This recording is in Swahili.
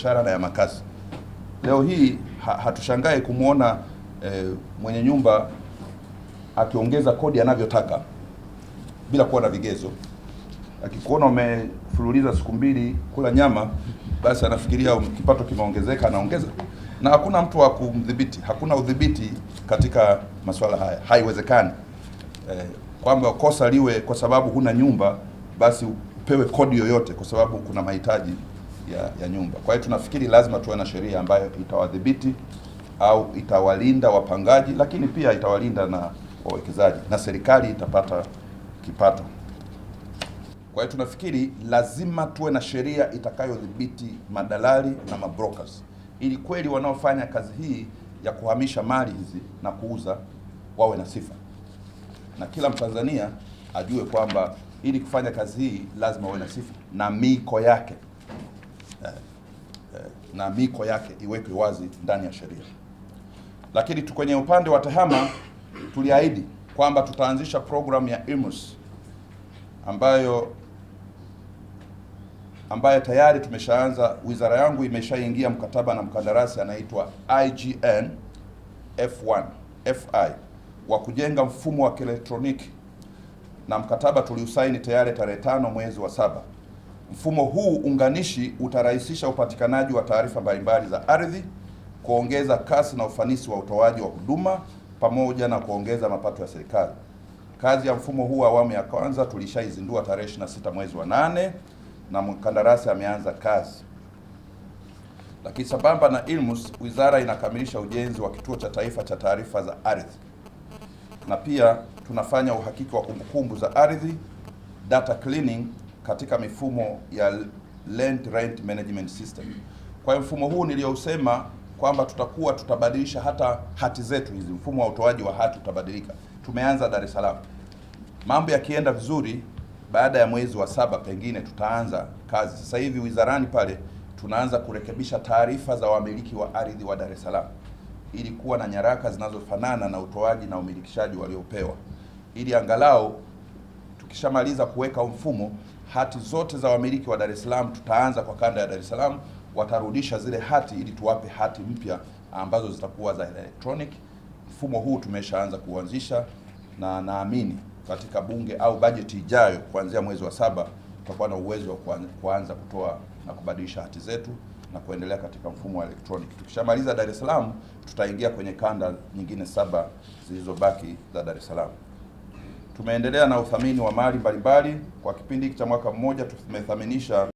biashara na ya makazi. Leo hii ha, hatushangae kumwona e, eh, mwenye nyumba akiongeza kodi anavyotaka bila kuwa na vigezo. Akikuona umefululiza siku mbili kula nyama, basi anafikiria um, kipato kimeongezeka, anaongeza, na hakuna mtu wa kumdhibiti. Hakuna udhibiti katika masuala haya, haiwezekani e, kwamba kosa liwe kwa sababu huna nyumba basi upewe kodi yoyote, kwa sababu kuna mahitaji ya, ya nyumba. Kwa hiyo tunafikiri lazima tuwe na sheria ambayo itawadhibiti au itawalinda wapangaji, lakini pia itawalinda na wawekezaji na serikali itapata kipato. Kwa hiyo tunafikiri lazima tuwe na sheria itakayodhibiti madalali na mabrokers, ili kweli wanaofanya kazi hii ya kuhamisha mali hizi na kuuza wawe na sifa, na kila Mtanzania ajue kwamba ili kufanya kazi hii lazima uwe na sifa na miiko yake. Eh, eh, na miko yake iwekwe wazi ndani ya sheria. Lakini kwenye upande wa tehama tuliahidi kwamba tutaanzisha programu ya IMUS ambayo ambayo tayari tumeshaanza, wizara yangu imeshaingia mkataba na mkandarasi anaitwa IGN F1 FI wa kujenga mfumo wa kielektroniki na mkataba tuliusaini tayari tarehe tano mwezi wa saba. Mfumo huu unganishi utarahisisha upatikanaji wa taarifa mbalimbali za ardhi, kuongeza kasi na ufanisi wa utoaji wa huduma pamoja na kuongeza mapato ya serikali. Kazi ya mfumo huu awamu ya kwanza tulishaizindua tarehe 26 mwezi wa nane na mkandarasi ameanza kazi. Lakini sambamba na ILMUS, wizara inakamilisha ujenzi wa kituo cha taifa cha taarifa za ardhi, na pia tunafanya uhakiki wa kumbukumbu za ardhi, data cleaning katika mifumo ya land rent management system. Kwa hiyo mfumo huu niliyousema kwamba tutakuwa tutabadilisha hata hati zetu hizi, mfumo wa utoaji wa hati utabadilika. Tumeanza Dar es Salaam, mambo yakienda vizuri, baada ya mwezi wa saba pengine tutaanza kazi. Sasa hivi wizarani pale tunaanza kurekebisha taarifa za wamiliki wa ardhi wa Dar es Salaam ili kuwa na nyaraka zinazofanana na utoaji na umilikishaji waliopewa, ili angalau tukishamaliza kuweka mfumo hati zote za wamiliki wa Dar es Salaam, tutaanza kwa kanda ya Dar es Salaam, watarudisha zile hati ili tuwape hati mpya ambazo zitakuwa za electronic. Mfumo huu tumeshaanza kuanzisha na naamini katika bunge au bajeti ijayo kuanzia mwezi wa saba tutakuwa na uwezo wa kuanza kutoa na kubadilisha hati zetu na kuendelea katika mfumo wa electronic. Tukishamaliza Dar es Salaam, tutaingia kwenye kanda nyingine saba zilizobaki za Dar es Salaam. Tumeendelea na uthamini wa mali mbalimbali kwa kipindi hiki cha mwaka mmoja, tumethaminisha